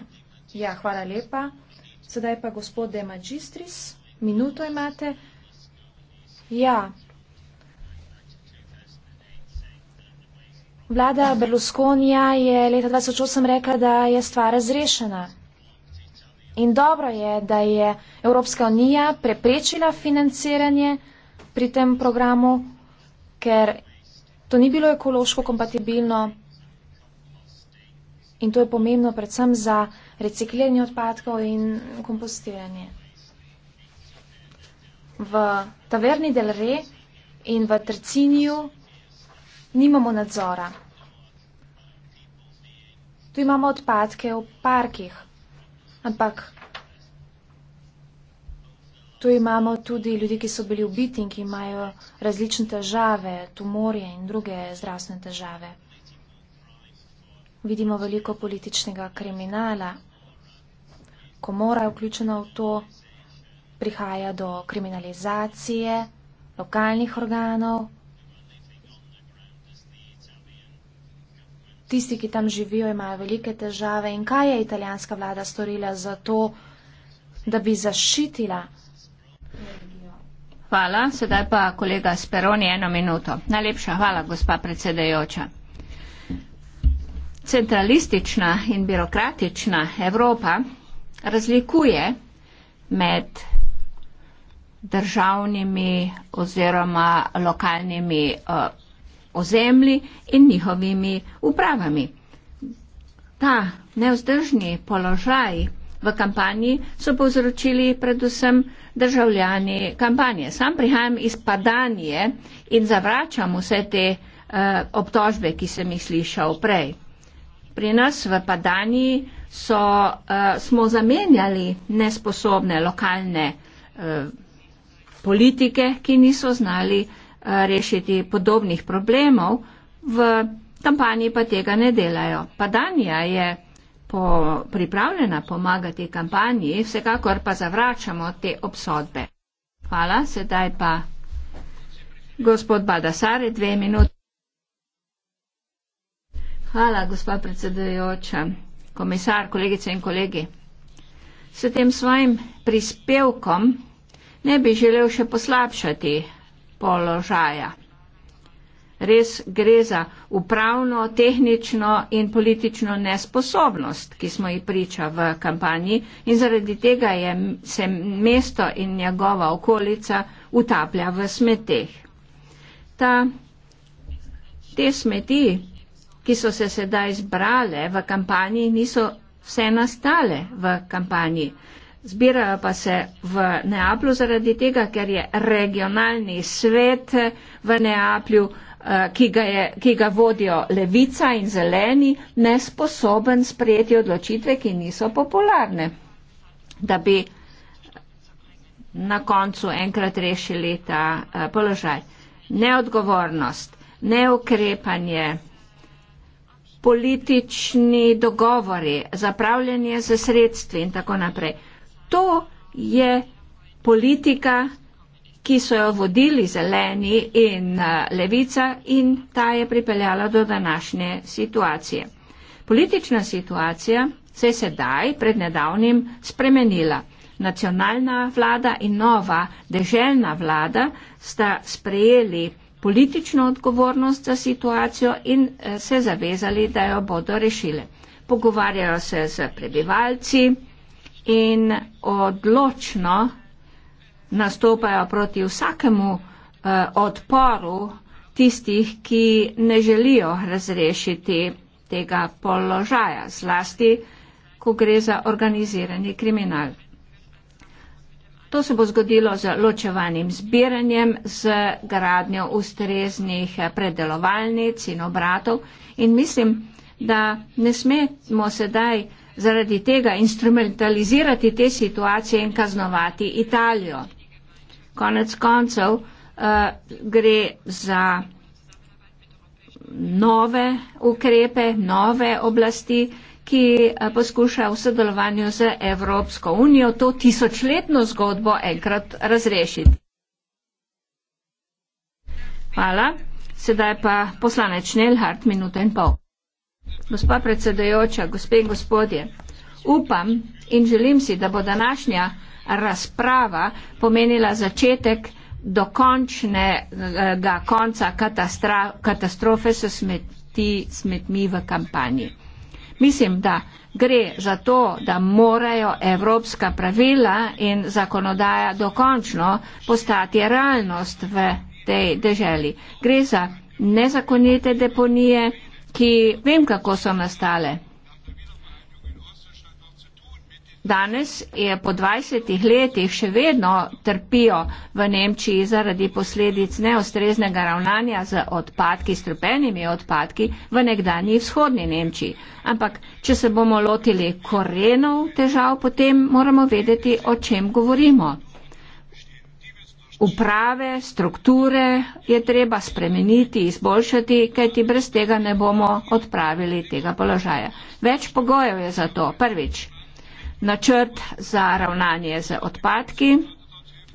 Ja, hvala lepa. Sedaj pa gospod De Magistris, minuto imate. Ja. Vlada Berlusconija je leta 2008 rekla, da je stvar razrešena. In dobro je, da je Evropska unija preprečila financiranje pri tem programu, ker to ni bilo ekološko kompatibilno in to je pomembno predvsem za recikliranje odpadkov in kompostiranje. V taverni del Re in v Trciniju nimamo nadzora. Tu imamo odpadke v parkih, ampak tu imamo tudi ljudi, ki so bili ubiti in ki imajo različne težave, tumorje in druge zdravstvene težave. Vidimo veliko političnega kriminala komora je vključena v to, prihaja do kriminalizacije lokalnih organov. Tisti, ki tam živijo, imajo velike težave. In kaj je italijanska vlada storila za to, da bi zašitila? Hvala, sedaj pa kolega Speroni eno minuto. Najlepša hvala, gospa predsedajoča. Centralistična in birokratična Evropa razlikuje med državnimi oziroma lokalnimi uh, ozemlji in njihovimi upravami. Ta nevzdržni položaj v kampanji so povzročili predvsem državljani kampanje. Sam prihajam iz padanje in zavračam vse te uh, obtožbe, ki sem jih slišal prej. Pri nas v padanji so, uh, smo zamenjali nesposobne lokalne uh, politike, ki niso znali uh, rešiti podobnih problemov, v kampanji pa tega ne delajo. Pa Danija je po, pripravljena pomagati kampanji, vsekakor pa zavračamo te obsodbe. Hvala, sedaj pa gospod Badasare, dve minute. Hvala, gospod predsedujoča komisar, kolegice in kolegi. S tem svojim prispevkom ne bi želel še poslabšati položaja. Res gre za upravno, tehnično in politično nesposobnost, ki smo ji priča v kampanji in zaradi tega je, se mesto in njegova okolica utaplja v smeteh. Ta, te smeti ki so se sedaj zbrale v kampanji, niso vse nastale v kampanji. Zbirajo pa se v Neaplju zaradi tega, ker je regionalni svet v Neaplju, eh, ki ga, je, ki ga vodijo levica in zeleni, nesposoben sprejeti odločitve, ki niso popularne, da bi na koncu enkrat rešili ta eh, položaj. Neodgovornost, neukrepanje politični dogovori, zapravljanje z sredstvi in tako naprej. To je politika, ki so jo vodili zeleni in eh, levica in ta je pripeljala do današnje situacije. Politična situacija se je sedaj pred nedavnim spremenila. Nacionalna vlada in nova deželna vlada sta sprejeli politično odgovornost za situacijo in eh, se zavezali, da jo bodo rešile. Pogovarjajo se z prebivalci in odločno nastopajo proti vsakemu eh, odporu tistih, ki ne želijo razrešiti tega položaja, zlasti, ko gre za organizirani kriminal. To se bo zgodilo z ločevanjem zbiranjem, z gradnjo ustreznih eh, predelovalnic in obratov in mislim, da ne smemo sedaj zaradi tega instrumentalizirati te situacije in kaznovati Italijo. Konec koncev uh, gre za nove ukrepe, nove oblasti, uh, ki eh, poskuša v sodelovanju z Evropsko unijo to tisočletno zgodbo enkrat razrešiti. Hvala. Sedaj pa poslanec Nelhart, minuto in pol. Gospa predsedajoča, gospe in gospodje, upam in želim si, da bo današnja razprava pomenila začetek dokončnega konca katastrofe s smetmi v kampanji. Mislim, da gre za to, da morajo evropska pravila in zakonodaja dokončno postati realnost v tej deželi. Gre za nezakonite deponije, ki vem, kako so nastale. Danes je po 20 letih še vedno trpijo v Nemčiji zaradi posledic neostreznega ravnanja z odpadki, strpenimi odpadki v nekdanji vzhodni Nemčiji. Ampak, če se bomo lotili korenov težav, potem moramo vedeti, o čem govorimo. Uprave, strukture je treba spremeniti, izboljšati, kajti brez tega ne bomo odpravili tega položaja. Več pogojev je za to. Prvič, načrt za ravnanje z odpadki.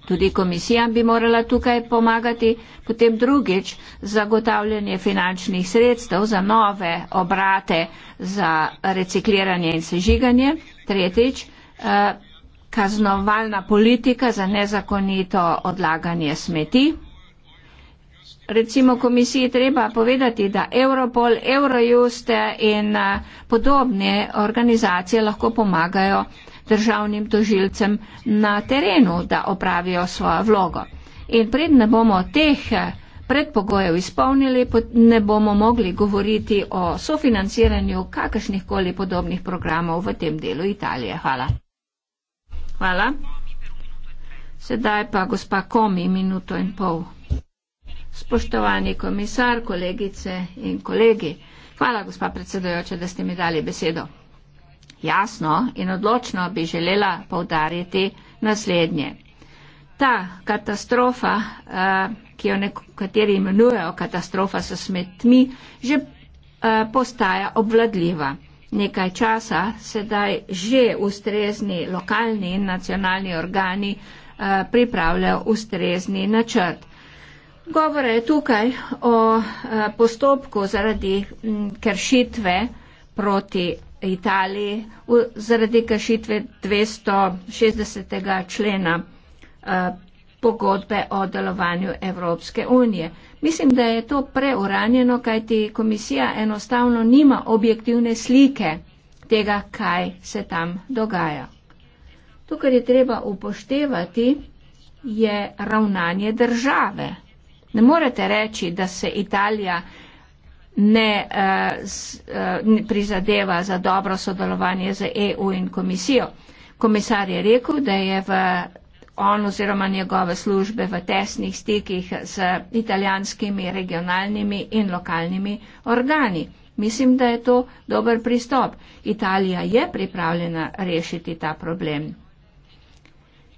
Tudi komisija bi morala tukaj pomagati. Potem drugič, zagotavljanje finančnih sredstev za nove obrate za recikliranje in sežiganje. Tretjič, eh, kaznovalna politika za nezakonito odlaganje smeti recimo komisiji treba povedati, da Europol, Eurojust in eh, podobne organizacije lahko pomagajo državnim tožilcem na terenu, da opravijo svojo vlogo. In pred ne bomo teh eh, predpogojev izpolnili, ne bomo mogli govoriti o sofinanciranju kakršnih koli podobnih programov v tem delu Italije. Hvala. Hvala. Sedaj pa gospa Komi, minuto in pol. Spoštovani komisar, kolegice in kolegi, hvala, gospa predsedojoča, da ste mi dali besedo. Jasno in odločno bi želela povdariti naslednje. Ta katastrofa, eh, ki jo nekateri imenujejo katastrofa s smetmi, že eh, postaja obvladljiva. Nekaj časa sedaj že ustrezni lokalni in nacionalni organi eh, pripravljajo ustrezni načrt. Govora je tukaj o eh, postopku zaradi mm, kršitve proti Italiji, zaradi kršitve 260. člena eh, pogodbe o delovanju Evropske unije. Mislim, da je to preuranjeno, kajti komisija enostavno nima objektivne slike tega, kaj se tam dogaja. Tukaj je treba upoštevati je ravnanje države. Ne morete reči, da se Italija ne uh, z, uh, prizadeva za dobro sodelovanje z EU in komisijo. Komisar je rekel, da je v on oziroma njegove službe v tesnih stikih z italijanskimi regionalnimi in lokalnimi organi. Mislim, da je to dober pristop. Italija je pripravljena rešiti ta problem.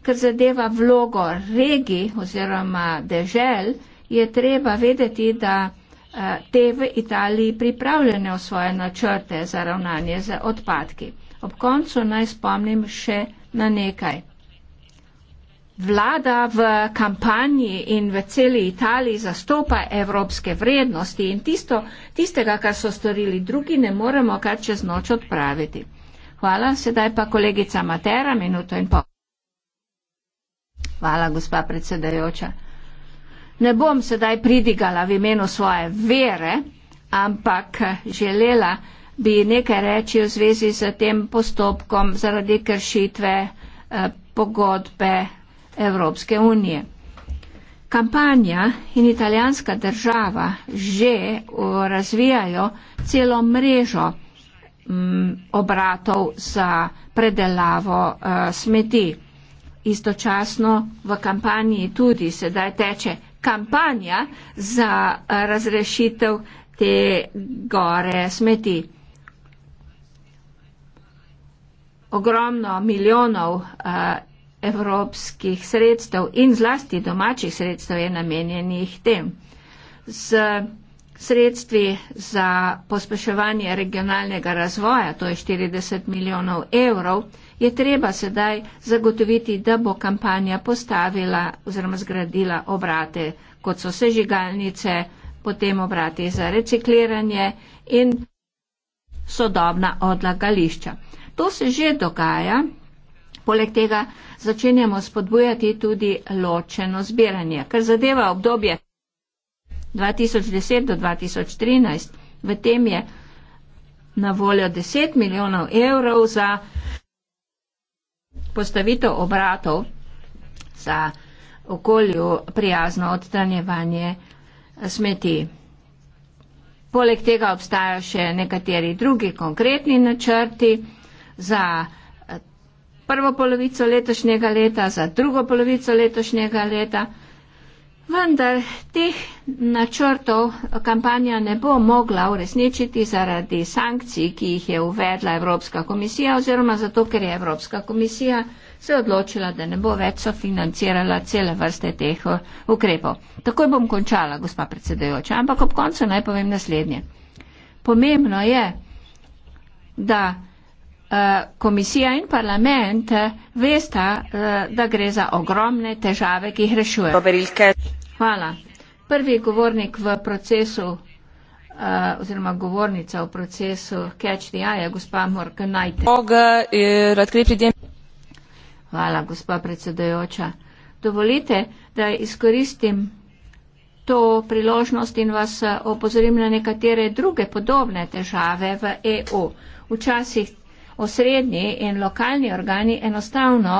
Kar zadeva vlogo regij oziroma dežel, je treba vedeti, da eh, te v Italiji pripravljene v svoje načrte za ravnanje z odpadki. Ob koncu naj spomnim še na nekaj. Vlada v kampanji in v celi Italiji zastopa evropske vrednosti in tisto, tistega, kar so storili drugi, ne moremo kar čez noč odpraviti. Hvala, sedaj pa kolegica Matera, minuto in pol. Hvala, gospa predsedajoča ne bom sedaj pridigala v imenu svoje vere, ampak želela bi nekaj reči v zvezi z tem postopkom zaradi kršitve eh, pogodbe Evropske unije. Kampanja in italijanska država že eh, razvijajo celo mrežo mm, obratov za predelavo eh, smeti. Istočasno v kampanji tudi sedaj teče kampanja za eh, razrešitev te gore smeti. Ogromno milijonov eh, evropskih sredstev in zlasti domačih sredstev je namenjenih tem. Z sredstvi za pospeševanje regionalnega razvoja, to je 40 milijonov evrov, je treba sedaj zagotoviti, da bo kampanja postavila oziroma zgradila obrate, kot so sežigalnice, potem obrate za recikliranje in sodobna odlagališča. To se že dogaja, poleg tega začenjamo spodbujati tudi ločeno zbiranje, kar zadeva obdobje 2010 do 2013. V tem je na voljo 10 milijonov evrov za postavitev obratov za okolju prijazno odstranjevanje smeti. Poleg tega obstajajo še nekateri drugi konkretni načrti za eh, prvo polovico letošnjega leta, za drugo polovico letošnjega leta. Vendar teh načrtov kampanja ne bo mogla uresničiti zaradi sankcij, ki jih je uvedla Evropska komisija oziroma zato, ker je Evropska komisija se odločila, da ne bo več sofinancirala cele vrste teh uh, ukrepov. Takoj bom končala, gospa predsedujoča, ampak ob koncu naj povem naslednje. Pomembno je, da uh, komisija in parlament uh, vesta, da gre za ogromne težave, ki jih rešuje. Hvala. Prvi govornik v procesu eh, oziroma govornica v procesu Catch the Eye, gospa Morka Najte. Eh, Hvala, gospa predsedojoča. Dovolite, da izkoristim to priložnost in vas eh, opozorim na nekatere druge podobne težave v EU. Včasih osrednji in lokalni organi enostavno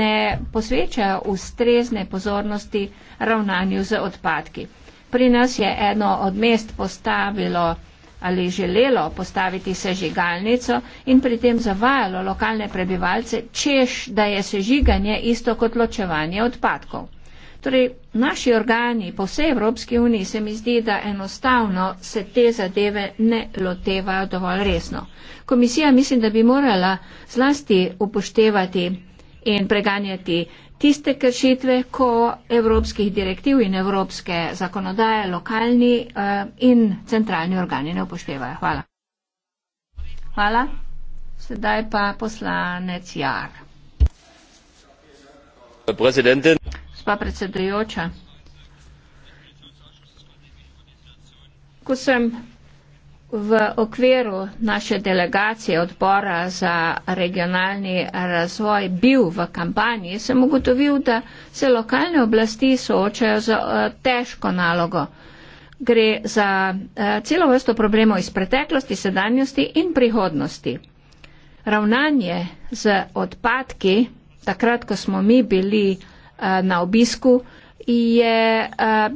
ne posvečajo ustrezne pozornosti ravnanju z odpadki. Pri nas je eno od mest postavilo ali želelo postaviti sežigalnico in pri tem zavajalo lokalne prebivalce, češ, da je sežiganje isto kot ločevanje odpadkov. Torej, naši organi po vsej Evropski uniji se mi zdi, da enostavno se te zadeve ne lotevajo dovolj resno. Komisija mislim, da bi morala zlasti upoštevati in preganjati tiste kršitve, ko evropskih direktiv in evropske zakonodaje lokalni eh, in centralni organi ne upoštevajo. Hvala. Hvala. Sedaj pa poslanec Jar. Predsednik. Gospa predsedujoča, ko sem v okviru naše delegacije odbora za regionalni razvoj bil v kampanji, sem ugotovil, da se lokalne oblasti soočajo z eh, težko nalogo. Gre za eh, celo vrsto problemov iz preteklosti, sedanjosti in prihodnosti. Ravnanje z odpadki, takrat, ko smo mi bili Eh, na obisku, je, eh,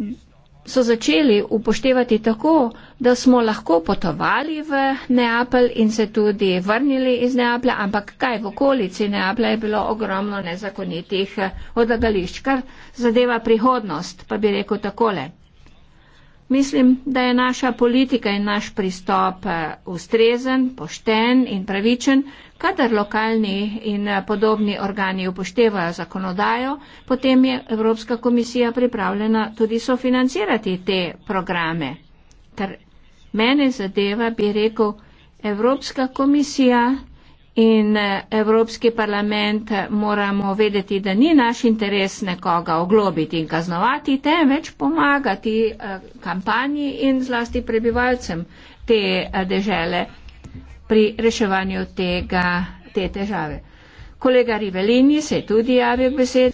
so začeli upoštevati tako, da smo lahko potovali v Neapelj in se tudi vrnili iz Neaplja, ampak kaj v okolici Neaplja je bilo ogromno nezakonitih eh, odlagališč, kar zadeva prihodnost, pa bi rekel takole. Mislim, da je naša politika in naš pristop ustrezen, pošten in pravičen, Kadar lokalni in eh, podobni organi upoštevajo zakonodajo, potem je Evropska komisija pripravljena tudi sofinancirati te programe. Ker mene zadeva, bi rekel, Evropska komisija in eh, Evropski parlament eh, moramo vedeti, da ni naš interes nekoga oglobiti in kaznovati, temveč pomagati kampanji in zlasti prebivalcem te dežele pri reševanju tega, te težave. Kolega Rivelini se je tudi javil besed.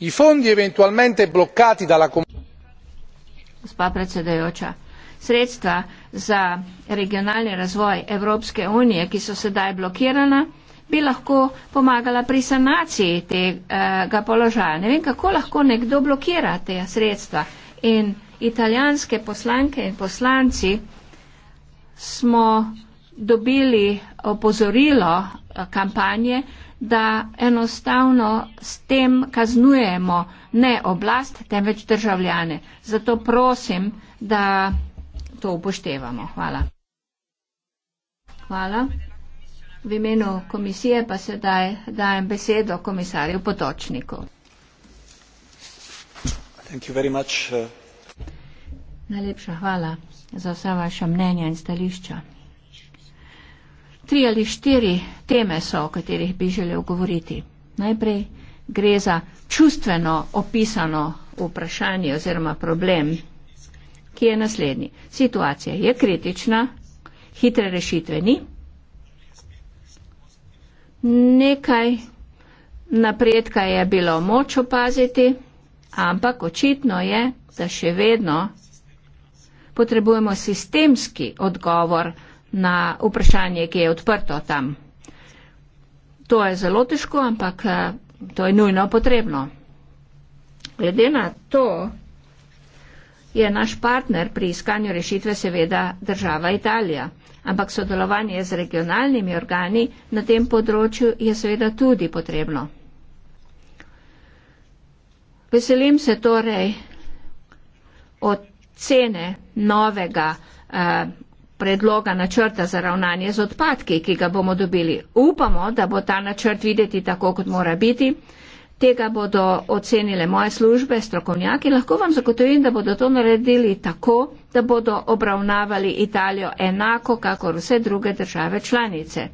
I fondi eventualmente bloccati dalla Gospa predsedajoča, sredstva za regionalni razvoj Evropske unije, ki so sedaj blokirana, bi lahko pomagala pri sanaciji tega položaja. Ne vem, kako lahko nekdo blokira te sredstva. In italijanske poslanke in poslanci smo dobili opozorilo eh, kampanje, da enostavno s tem kaznujemo ne oblast, temveč državljane. Zato prosim, da to upoštevamo. Hvala. Hvala. V imenu komisije pa sedaj dajem besedo komisarju Potočniku. Uh, Najlepša hvala za vsa vaša mnenja in stališča tri ali štiri teme so, o katerih bi želel govoriti. Najprej gre za čustveno opisano vprašanje oziroma problem, ki je naslednji. Situacija je kritična, hitre rešitve ni, nekaj napredka je bilo moč opaziti, ampak očitno je, da še vedno potrebujemo sistemski odgovor na vprašanje, ki je odprto tam. To je zelo težko, ampak eh, to je nujno potrebno. Glede na to je naš partner pri iskanju rešitve seveda država Italija, ampak sodelovanje z regionalnimi organi na tem področju je seveda tudi potrebno. Veselim se torej ocene novega eh, predloga načrta za ravnanje z odpadki, ki ga bomo dobili. Upamo, da bo ta načrt videti tako, kot mora biti. Tega bodo ocenile moje službe, strokovnjaki. Lahko vam zagotovim, da bodo to naredili tako, da bodo obravnavali Italijo enako, kakor vse druge države članice.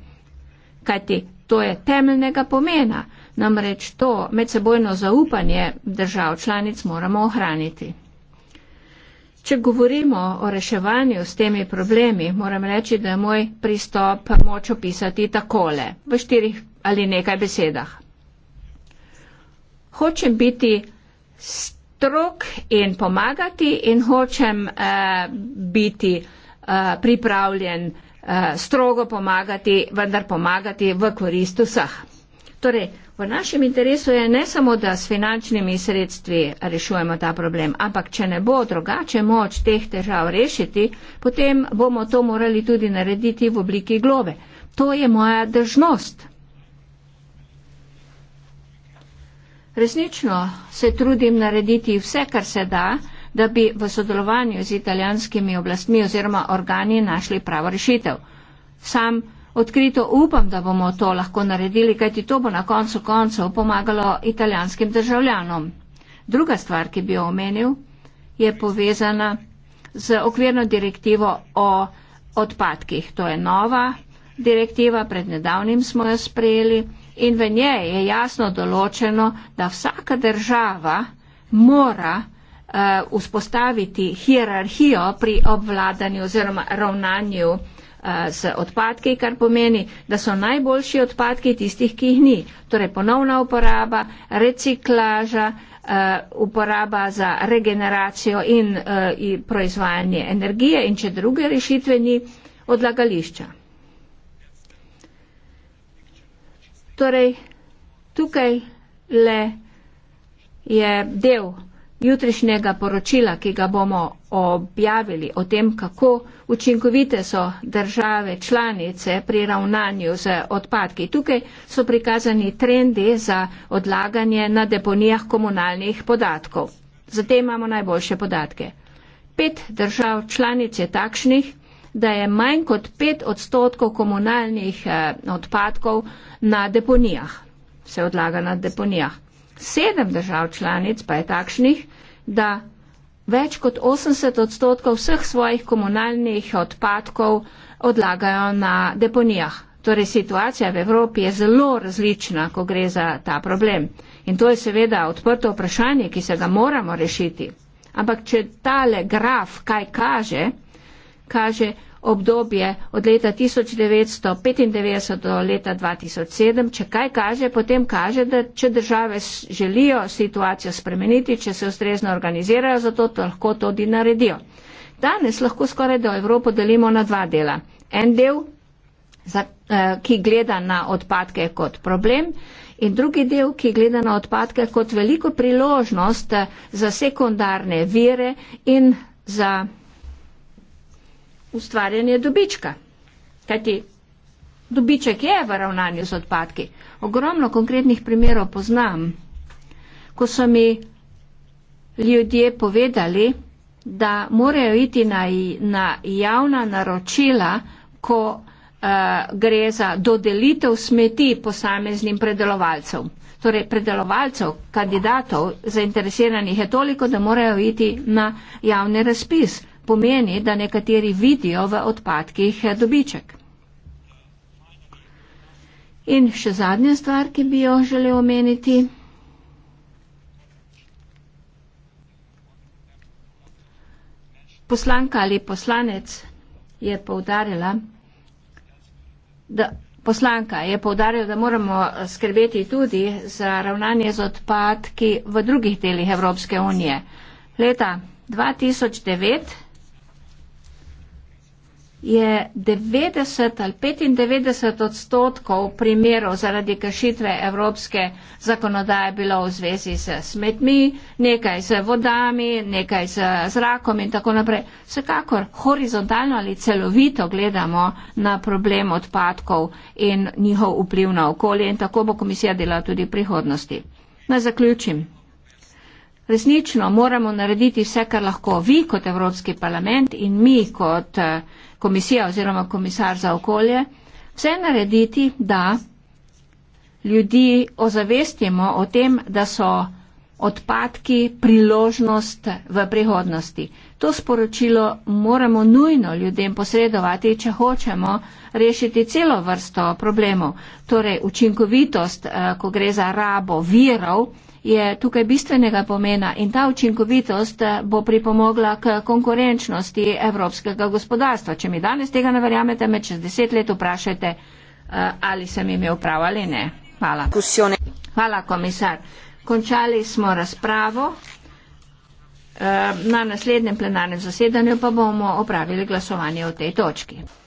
Kajti to je temeljnega pomena. Namreč to medsebojno zaupanje držav članic moramo ohraniti. Če govorimo o reševanju s temi problemi, moram reči, da je moj pristop moč opisati takole, v štirih ali nekaj besedah. Hočem biti strok in pomagati in hočem eh, biti eh, pripravljen eh, strogo pomagati, vendar pomagati v korist vseh. Torej, našem interesu je ne samo, da s finančnimi sredstvi rešujemo ta problem, ampak če ne bo drugače moč teh težav rešiti, potem bomo to morali tudi narediti v obliki globe. To je moja držnost. Resnično se trudim narediti vse, kar se da, da bi v sodelovanju z italijanskimi oblastmi oziroma organi našli pravo rešitev. Sam Odkrito upam, da bomo to lahko naredili, kajti to bo na koncu koncev pomagalo italijanskim državljanom. Druga stvar, ki bi jo omenil, je povezana z okvirno direktivo o odpadkih. To je nova direktiva, pred nedavnim smo jo sprejeli in v njej je jasno določeno, da vsaka država mora uh, vzpostaviti hierarhijo pri obvladanju oziroma ravnanju uh, Eh, z odpadki, kar pomeni, da so najboljši odpadki tistih, ki jih ni. Torej ponovna uporaba, reciklaža, eh, uporaba za regeneracijo in, eh, in proizvajanje energije in če druge rešitve ni odlagališča. Torej, tukaj le je del jutrišnjega poročila, ki ga bomo objavili o tem, kako učinkovite so države članice pri ravnanju z odpadki. Tukaj so prikazani trendi za odlaganje na deponijah komunalnih podatkov. Zatem imamo najboljše podatke. Pet držav članic je takšnih, da je manj kot pet odstotkov komunalnih eh, odpadkov na deponijah. Se odlaga na deponijah. Sedem držav članic pa je takšnih, da več kot 80 odstotkov vseh svojih komunalnih odpadkov odlagajo na deponijah. Torej situacija v Evropi je zelo različna, ko gre za ta problem. In to je seveda odprto vprašanje, ki se ga moramo rešiti. Ampak če tale graf kaj kaže, kaže obdobje od leta 1995 do leta 2007. Če kaj kaže, potem kaže, da če države želijo situacijo spremeniti, če se ustrezno organizirajo, zato to lahko tudi naredijo. Danes lahko skoraj do Evropo delimo na dva dela. En del, eh, ki gleda na odpadke kot problem. In drugi del, ki gleda na odpadke kot veliko priložnost eh, za sekundarne vire in za ustvarjanje dobička. Kajti dobiček je v ravnanju z odpadki. Ogromno konkretnih primerov poznam, ko so mi ljudje povedali, da morajo iti na, na javna naročila, ko uh, gre za dodelitev smeti posameznim predelovalcem. Torej, predelovalcev, kandidatov, zainteresiranih je toliko, da morajo iti na javni razpis pomeni, da nekateri vidijo v odpadkih dobiček. In še zadnja stvar, ki bi jo želel omeniti. Poslanka ali poslanec je povdarjala, da poslanka je povdarjala, da moramo skrbeti tudi za ravnanje z odpadki v drugih delih Evropske unije. Leta 2009 je 90 ali 95 odstotkov primerov zaradi kršitve evropske zakonodaje bilo v zvezi s smetmi, nekaj z vodami, nekaj z zrakom in tako naprej. Vsekakor horizontalno ali celovito gledamo na problem odpadkov in njihov vpliv na okolje in tako bo komisija delala tudi v prihodnosti. Na zaključim resnično moramo narediti vse, kar lahko vi kot Evropski parlament in mi kot eh, komisija oziroma komisar za okolje, vse narediti, da ljudi ozavestimo o tem, da so odpadki priložnost v prihodnosti. To sporočilo moramo nujno ljudem posredovati, če hočemo rešiti celo vrsto problemov, torej učinkovitost, eh, ko gre za rabo virov, je tukaj bistvenega pomena in ta učinkovitost eh, bo pripomogla k konkurenčnosti evropskega gospodarstva. Če mi danes tega ne verjamete, me čez deset let vprašajte, eh, ali sem imel prav ali ne. Hvala. Hvala, komisar. Končali smo razpravo. Eh, na naslednjem plenarnem zasedanju pa bomo opravili glasovanje o tej točki.